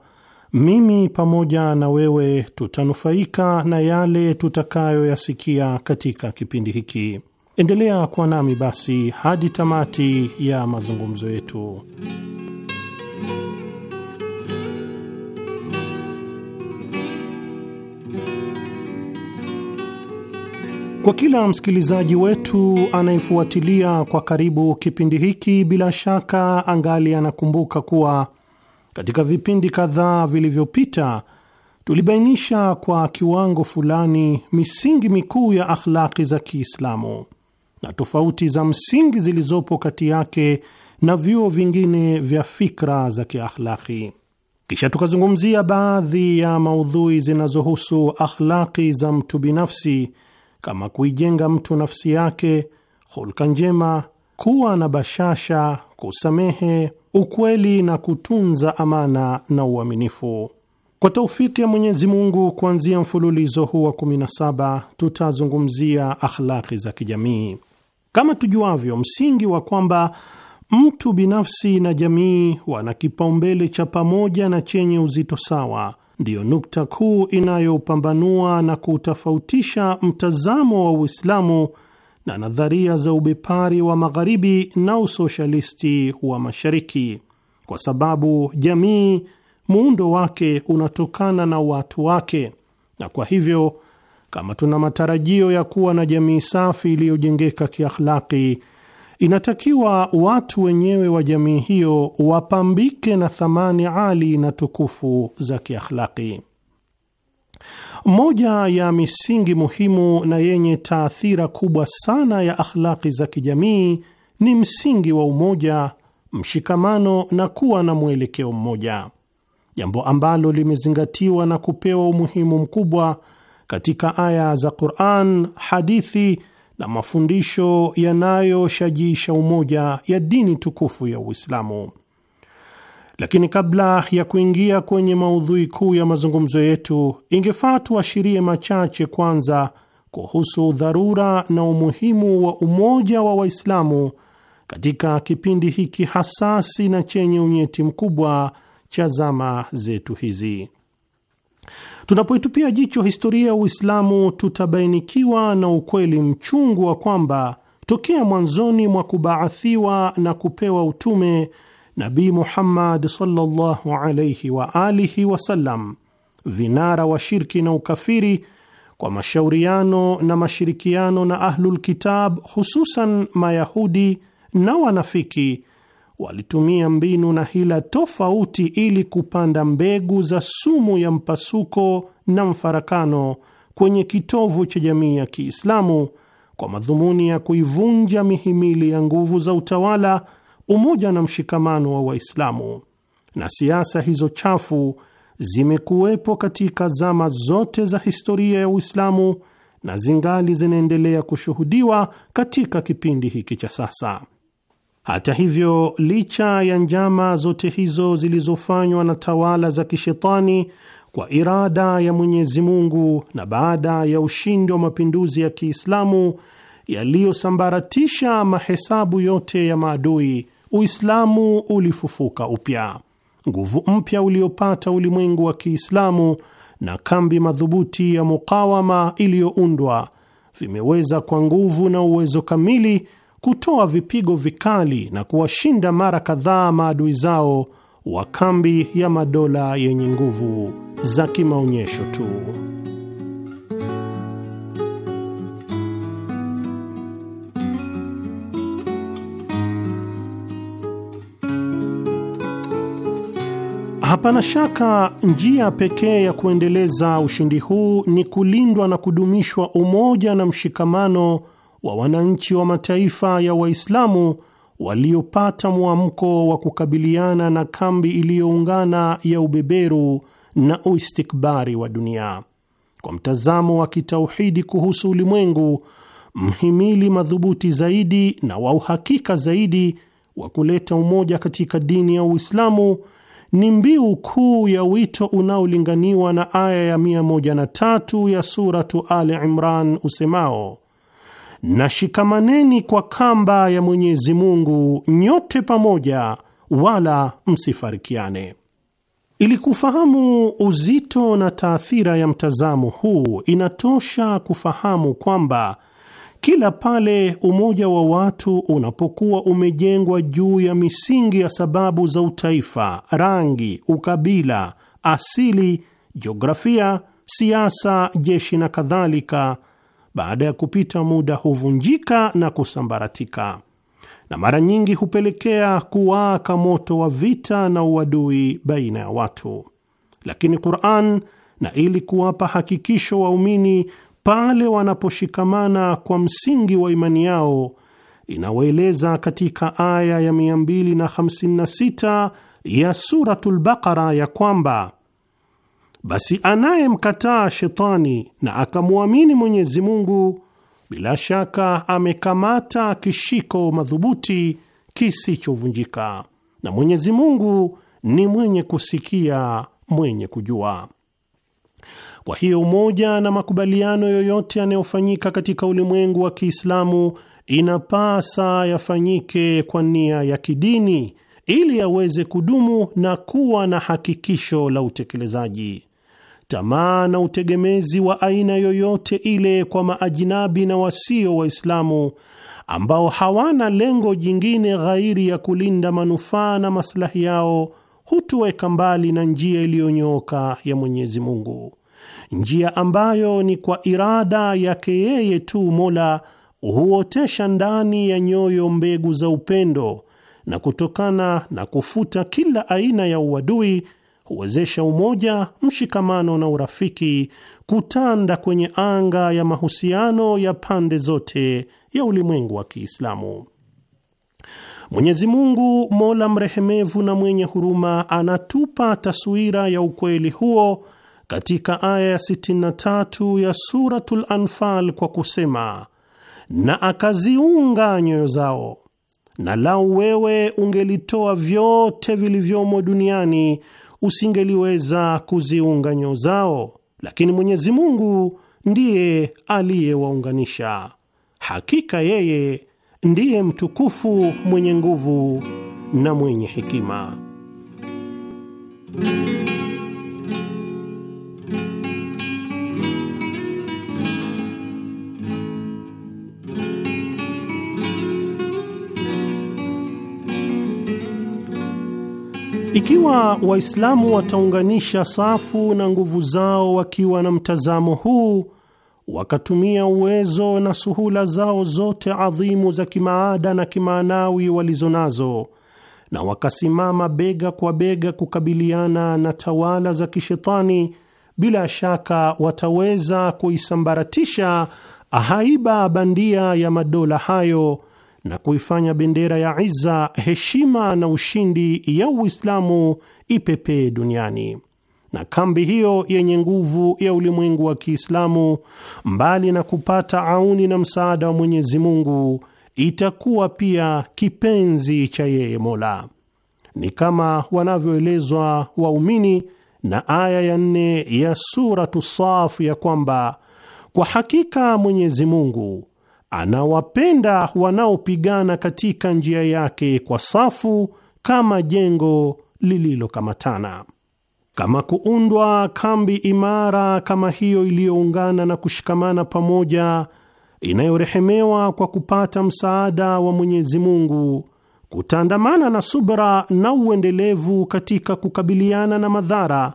mimi pamoja na wewe tutanufaika na yale tutakayoyasikia katika kipindi hiki. Endelea kuwa nami basi hadi tamati ya mazungumzo yetu. Kwa kila msikilizaji wetu anayefuatilia kwa karibu kipindi hiki, bila shaka angali anakumbuka kuwa katika vipindi kadhaa vilivyopita tulibainisha kwa kiwango fulani misingi mikuu ya akhlaki za Kiislamu na tofauti za msingi zilizopo kati yake na vyuo vingine vya fikra za kiakhlaki. Kisha tukazungumzia baadhi ya maudhui zinazohusu akhlaki za mtu binafsi kama kuijenga mtu nafsi yake, hulka njema, kuwa na bashasha, kusamehe ukweli na kutunza amana na uaminifu. Kwa taufiki ya Mwenyezi Mungu, kuanzia mfululizo huu wa 17 tutazungumzia akhlaki za kijamii. Kama tujuavyo, msingi wa kwamba mtu binafsi na jamii wana kipaumbele cha pamoja na chenye uzito sawa ndiyo nukta kuu inayopambanua na kutofautisha mtazamo wa Uislamu na nadharia za ubepari wa magharibi na usoshalisti wa mashariki, kwa sababu jamii muundo wake unatokana na watu wake, na kwa hivyo kama tuna matarajio ya kuwa na jamii safi iliyojengeka kiakhlaki, inatakiwa watu wenyewe wa jamii hiyo wapambike na thamani ali na tukufu za kiakhlaki. Moja ya misingi muhimu na yenye taathira kubwa sana ya akhlaki za kijamii ni msingi wa umoja, mshikamano na kuwa na mwelekeo mmoja, jambo ambalo limezingatiwa na kupewa umuhimu mkubwa katika aya za Qur'an, hadithi na mafundisho yanayoshajiisha umoja ya dini tukufu ya Uislamu. Lakini kabla ya kuingia kwenye maudhui kuu ya mazungumzo yetu, ingefaa tuashirie machache kwanza kuhusu dharura na umuhimu wa umoja wa Waislamu katika kipindi hiki hasasi na chenye unyeti mkubwa cha zama zetu hizi. Tunapoitupia jicho historia ya Uislamu, tutabainikiwa na ukweli mchungu wa kwamba tokea mwanzoni mwa kubaathiwa na kupewa utume Nabi Muhammad sallallahu alayhi wa alihi sallam, vinara wa shirki na ukafiri kwa mashauriano na mashirikiano na Ahlul Kitab, hususan Mayahudi na wanafiki, walitumia mbinu na hila tofauti ili kupanda mbegu za sumu ya mpasuko na mfarakano kwenye kitovu cha jamii ya Kiislamu kwa madhumuni ya kuivunja mihimili ya nguvu za utawala umoja na mshikamano wa Waislamu, na siasa hizo chafu zimekuwepo katika zama zote za historia ya Uislamu na zingali zinaendelea kushuhudiwa katika kipindi hiki cha sasa. Hata hivyo, licha ya njama zote hizo zilizofanywa na tawala za kishetani kwa irada ya Mwenyezi Mungu na baada ya ushindi wa mapinduzi ya Kiislamu yaliyosambaratisha mahesabu yote ya maadui, Uislamu ulifufuka upya. Nguvu mpya uliopata ulimwengu wa Kiislamu na kambi madhubuti ya mukawama iliyoundwa vimeweza kwa nguvu na uwezo kamili kutoa vipigo vikali na kuwashinda mara kadhaa maadui zao wa kambi ya madola yenye nguvu za kimaonyesho tu. Hapana shaka njia pekee ya kuendeleza ushindi huu ni kulindwa na kudumishwa umoja na mshikamano wa wananchi wa mataifa ya Waislamu waliopata mwamko wa kukabiliana na kambi iliyoungana ya ubeberu na uistikbari wa dunia. Kwa mtazamo wa kitauhidi kuhusu ulimwengu, mhimili madhubuti zaidi na wa uhakika zaidi wa kuleta umoja katika dini ya Uislamu ni mbiu kuu ya wito unaolinganiwa na aya ya 103 ya Suratu Ali Imran usemao, na shikamaneni kwa kamba ya Mwenyezi Mungu nyote pamoja, wala msifarikiane. Ili kufahamu uzito na taathira ya mtazamo huu, inatosha kufahamu kwamba kila pale umoja wa watu unapokuwa umejengwa juu ya misingi ya sababu za utaifa, rangi, ukabila, asili, jiografia, siasa, jeshi na kadhalika, baada ya kupita muda huvunjika na kusambaratika, na mara nyingi hupelekea kuwaka moto wa vita na uadui baina ya watu. Lakini Qur'an na ili kuwapa hakikisho waumini pale wanaposhikamana kwa msingi wa imani yao inawaeleza katika aya ya 256 ya Suratul Baqara ya kwamba basi anayemkataa shetani na akamwamini Mwenyezi Mungu bila shaka amekamata kishiko madhubuti kisichovunjika, na Mwenyezi Mungu ni mwenye kusikia, mwenye kujua. Kwa hiyo umoja na makubaliano yoyote yanayofanyika katika ulimwengu wa Kiislamu inapasa yafanyike kwa nia ya kidini ili yaweze kudumu na kuwa na hakikisho la utekelezaji. Tamaa na utegemezi wa aina yoyote ile kwa maajinabi na wasio Waislamu ambao hawana lengo jingine ghairi ya kulinda manufaa na maslahi yao hutuweka mbali na njia iliyonyooka ya Mwenyezi Mungu njia ambayo ni kwa irada yake yeye tu Mola huotesha ndani ya nyoyo mbegu za upendo, na kutokana na kufuta kila aina ya uadui huwezesha umoja, mshikamano na urafiki kutanda kwenye anga ya mahusiano ya pande zote ya ulimwengu wa Kiislamu. Mwenyezi Mungu Mola mrehemevu na mwenye huruma anatupa taswira ya ukweli huo katika aya ya 63 ya Suratul Anfal kwa kusema, na akaziunga nyoyo zao, na lau wewe ungelitoa vyote vilivyomo duniani usingeliweza kuziunga nyoyo zao, lakini Mwenyezi Mungu ndiye aliyewaunganisha. Hakika yeye ndiye mtukufu mwenye nguvu na mwenye hekima. Ikiwa Waislamu wataunganisha safu na nguvu zao wakiwa na mtazamo huu, wakatumia uwezo na suhula zao zote adhimu za kimaada na kimaanawi walizo nazo, na wakasimama bega kwa bega kukabiliana na tawala za kishetani, bila shaka wataweza kuisambaratisha haiba bandia ya madola hayo na kuifanya bendera ya iza, heshima na ushindi ya Uislamu ipepee duniani. Na kambi hiyo yenye nguvu ya ulimwengu wa Kiislamu, mbali na kupata auni na msaada wa Mwenyezi Mungu, itakuwa pia kipenzi cha yeye Mola, ni kama wanavyoelezwa waumini na aya ya nne ya Suratu Safu ya kwamba kwa hakika Mwenyezi Mungu anawapenda wanaopigana katika njia yake kwa safu kama jengo lililokamatana. Kama kuundwa kambi imara kama hiyo iliyoungana na kushikamana pamoja, inayorehemewa kwa kupata msaada wa Mwenyezi Mungu, kutaandamana na subra na uendelevu katika kukabiliana na madhara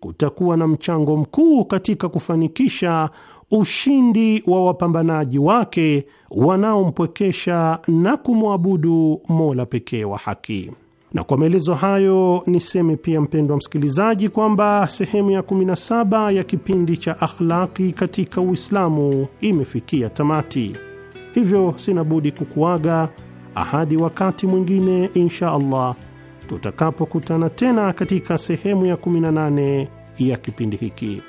kutakuwa na mchango mkuu katika kufanikisha ushindi wa wapambanaji wake wanaompwekesha na kumwabudu Mola pekee wa haki. Na kwa maelezo hayo niseme pia, mpendwa msikilizaji, kwamba sehemu ya 17 ya kipindi cha akhlaki katika Uislamu imefikia tamati, hivyo sina budi kukuaga ahadi wakati mwingine insha Allah tutakapokutana tena katika sehemu ya 18 ya kipindi hiki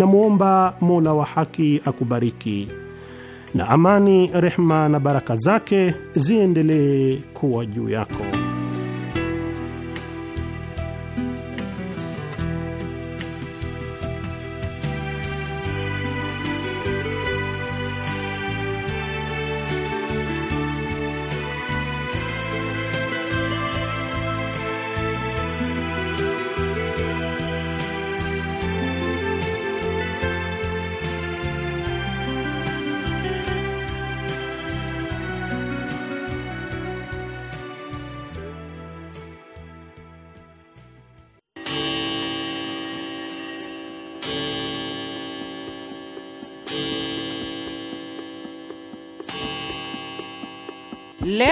namwomba Mola wa haki akubariki, na amani, rehma na baraka zake ziendelee kuwa juu yako.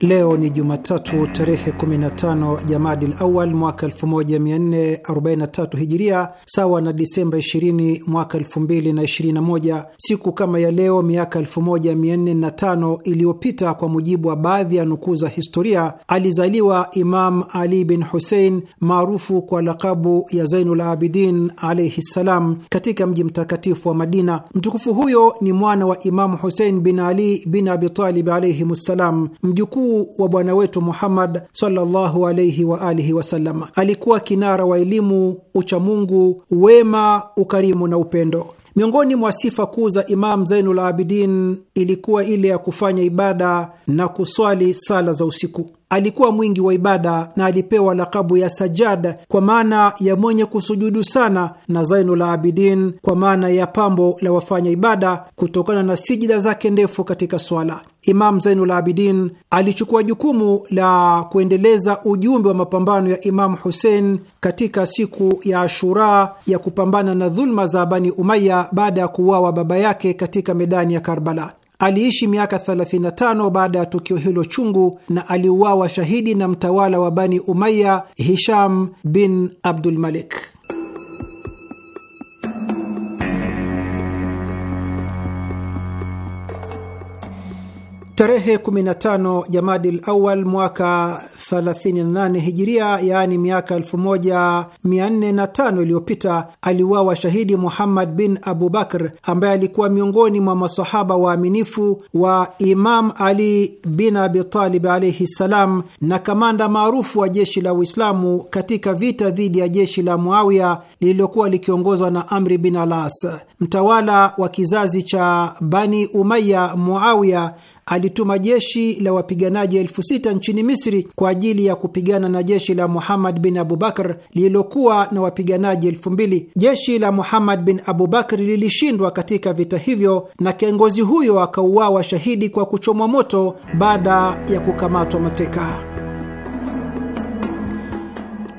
Leo ni Jumatatu tarehe 15 Jamadil Awal mwaka 1443 Hijiria, sawa na Disemba 20 mwaka 2021. Siku kama ya leo miaka 1405 iliyopita, kwa mujibu wa baadhi ya nukuu za historia, alizaliwa Imam Ali bin Husein maarufu kwa lakabu ya Zainul Abidin alaihi ssalam, katika mji mtakatifu wa Madina. Mtukufu huyo ni mwana wa Imamu Husein bin Ali bin Abitalib alaihim ssalam, mjukuu mkuu wa bwana wetu Muhammad sallallahu alaihi wa alihi wasallam. Alikuwa kinara wa elimu, uchamungu, wema, ukarimu na upendo. Miongoni mwa sifa kuu za Imam Zainul Abidin ilikuwa ile ya kufanya ibada na kuswali sala za usiku. Alikuwa mwingi wa ibada na alipewa lakabu ya Sajad kwa maana ya mwenye kusujudu sana, na Zainul Abidin kwa maana ya pambo la wafanya ibada, kutokana na sijida zake ndefu katika swala. Imam Zainul Abidin alichukua jukumu la kuendeleza ujumbe wa mapambano ya Imamu Husein katika siku ya Ashura ya kupambana na dhuluma za Bani Umaya baada ya kuuawa baba yake katika medani ya Karbala. Aliishi miaka 35 baada ya tukio hilo chungu na aliuawa shahidi na mtawala wa Bani Umaya Hisham bin Abdul Malik. Tarehe 15 Jamadil Awal mwaka 38 Hijiria, yaani miaka 1405 iliyopita, aliuawa shahidi Muhammad bin Abubakr ambaye alikuwa miongoni mwa masahaba waaminifu wa Imam Ali bin Abitalib alaihi ssalam, na kamanda maarufu wa jeshi la Uislamu katika vita dhidi ya jeshi la Muawiya lililokuwa likiongozwa na Amri bin Alas, mtawala wa kizazi cha Bani Umaya Muawiya alituma jeshi la wapiganaji elfu sita nchini Misri kwa ajili ya kupigana na jeshi la Muhammad bin Abubakar lililokuwa na wapiganaji elfu mbili. Jeshi la Muhammad bin Abubakar lilishindwa katika vita hivyo na kiongozi huyo akauawa shahidi kwa kuchomwa moto baada ya kukamatwa mateka.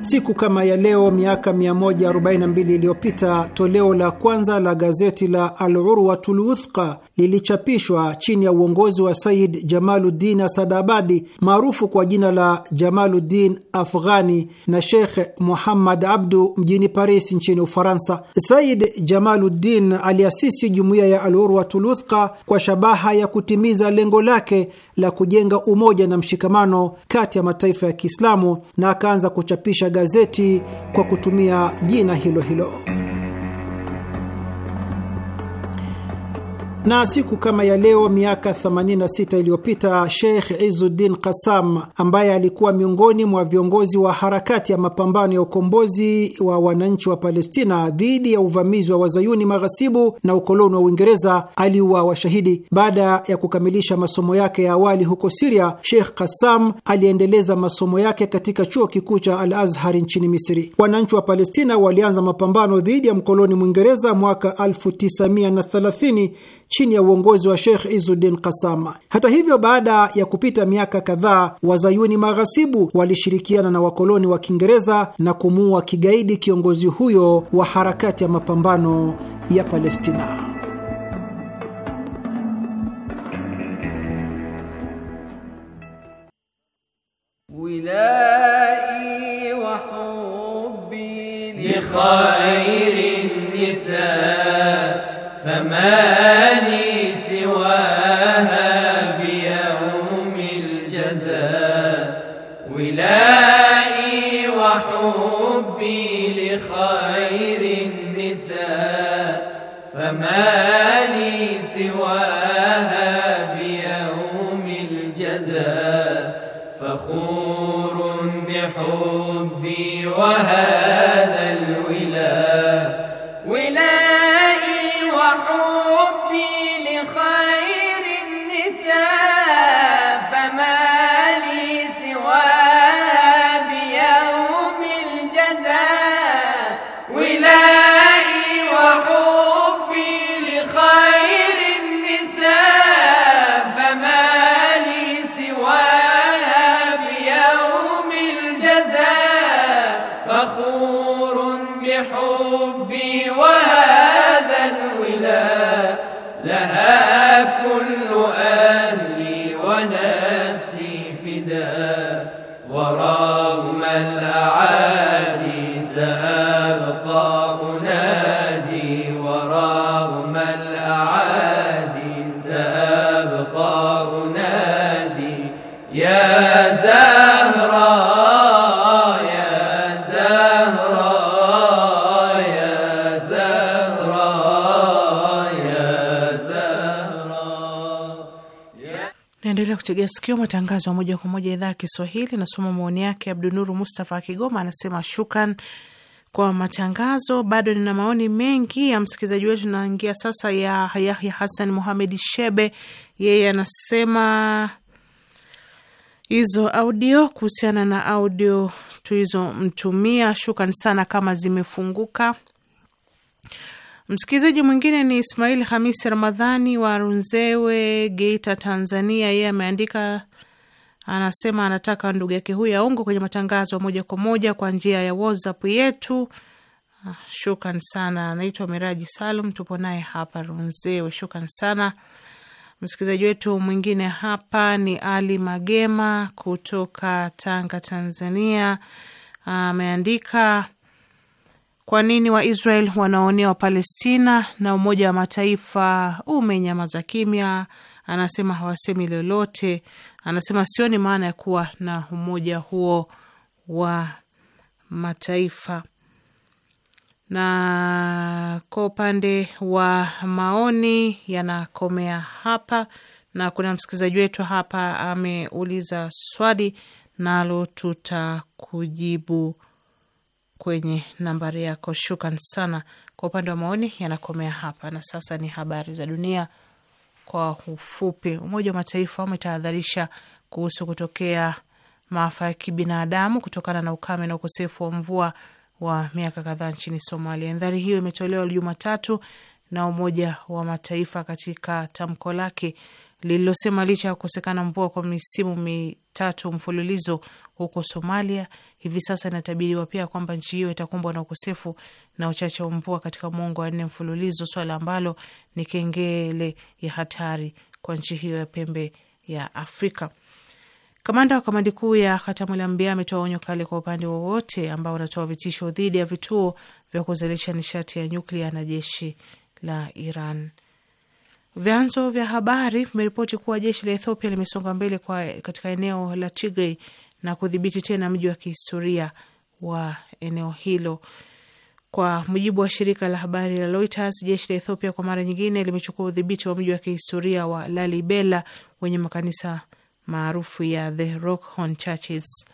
Siku kama ya leo miaka 142 iliyopita toleo la kwanza la gazeti la Al Urwatul Wuthqa lilichapishwa chini ya uongozi wa Said Jamaluddin Asadabadi maarufu kwa jina la Jamaluddin Afghani na Sheikh Muhammad Abdu mjini Paris nchini Ufaransa. Said Jamaluddin aliasisi jumuiya ya Al Urwatul Wuthqa kwa shabaha ya kutimiza lengo lake la kujenga umoja na mshikamano kati ya mataifa ya Kiislamu na akaanza kuchapisha gazeti kwa kutumia jina hilo hilo. Na siku kama ya leo miaka 86 iliyopita Sheikh Izuddin Kasam ambaye alikuwa miongoni mwa viongozi wa harakati ya mapambano ya ukombozi wa wananchi wa Palestina dhidi ya uvamizi wa wazayuni maghasibu na ukoloni wa Uingereza aliuawa shahidi. Baada ya kukamilisha masomo yake ya awali huko Siria, Sheikh Kasam aliendeleza masomo yake katika chuo kikuu cha Al Azhar nchini Misri. Wananchi wa Palestina walianza mapambano dhidi ya mkoloni Mwingereza mwaka 1930 chini ya uongozi wa Sheikh Izuddin Kasama. Hata hivyo, baada ya kupita miaka kadhaa, wazayuni maghasibu walishirikiana na wakoloni wa Kiingereza na kumuua kigaidi kiongozi huyo wa harakati ya mapambano ya Palestina. Wilai فما لي سواها بيوم الجزاء ولائي وحبي لخير النساء فما سواها tegea sikio matangazo ya moja kwa moja idhaa ya Kiswahili. Nasoma maoni yake Abdunuru Mustafa wa Kigoma, anasema shukran kwa matangazo. Bado nina maoni mengi ya msikilizaji wetu. Naingia sasa ya Yahya Hassan Muhamed Shebe, yeye anasema hizo audio kuhusiana na audio tulizomtumia, shukran sana kama zimefunguka Msikilizaji mwingine ni Ismail Hamisi Ramadhani wa Runzewe, Geita, Tanzania. Yeye ameandika, anasema anataka ndugu yake huyo aungwe kwenye matangazo moja kwa moja kwa njia ya WhatsApp yetu. Ah, shukran sana. Anaitwa Miraji Salum, tupo naye hapa Runzewe. Shukran sana. Msikilizaji wetu mwingine hapa ni Ali Magema kutoka Tanga, Tanzania. Ah, ameandika kwa nini Waisrael wanaonea Wapalestina na Umoja wa Mataifa umenyamaza kimya? Anasema hawasemi lolote. Anasema sioni maana ya kuwa na umoja huo wa mataifa. Na kwa upande wa maoni yanakomea hapa, na kuna msikilizaji wetu hapa ameuliza swali nalo tutakujibu kwenye nambari yako. Shukran sana kwa upande wa maoni, yanakomea hapa na sasa ni habari za dunia kwa ufupi. Umoja wa Mataifa umetahadharisha kuhusu kutokea maafa ya kibinadamu kutokana na ukame na ukosefu wa mvua wa miaka kadhaa nchini Somalia. Ndhari hiyo imetolewa Jumatatu na Umoja wa Mataifa katika tamko lake lililosema licha ya kukosekana mvua kwa misimu mitatu mfululizo huko Somalia, Hivi sasa inatabiriwa pia kwamba nchi hiyo itakumbwa na ukosefu na uchache wa mvua katika mwongo wa nne mfululizo, swala ambalo ni kengele ya hatari kwa nchi hiyo ya pembe ya Afrika. Kamanda wa kamandi kuu ya Hatamul Ambia ametoa onyo kali kwa upande wowote ambao unatoa vitisho dhidi ya vituo vya kuzalisha nishati ya nyuklia na jeshi la Iran. Vyanzo vya habari vimeripoti kuwa jeshi la Ethiopia limesonga mbele kwa katika eneo la Tigray na kudhibiti tena mji wa kihistoria wa eneo hilo. Kwa mujibu wa shirika la habari la Reuters, jeshi la Ethiopia kwa mara nyingine limechukua udhibiti wa mji wa kihistoria wa Lalibela wenye makanisa maarufu ya The Rock Horn Churches.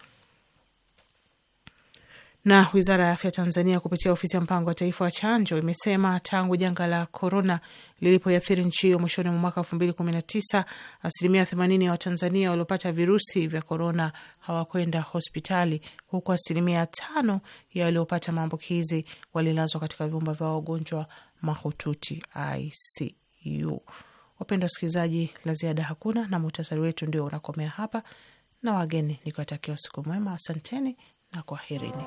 Na wizara ya afya Tanzania kupitia ofisi ya mpango wa taifa wa chanjo imesema tangu janga la korona lilipoathiri nchi hiyo mwishoni mwa mwaka elfu mbili kumi na tisa asilimia themanini ya Watanzania waliopata virusi vya korona hawakwenda hospitali, huku asilimia tano ya waliopata maambukizi walilazwa katika vyumba vya wagonjwa mahututi ICU. Wapendwa wasikilizaji, la ziada hakuna na muhtasari wetu ndio unakomea hapa, na wageni nikiwatakia usiku mwema, asanteni na kwaherini.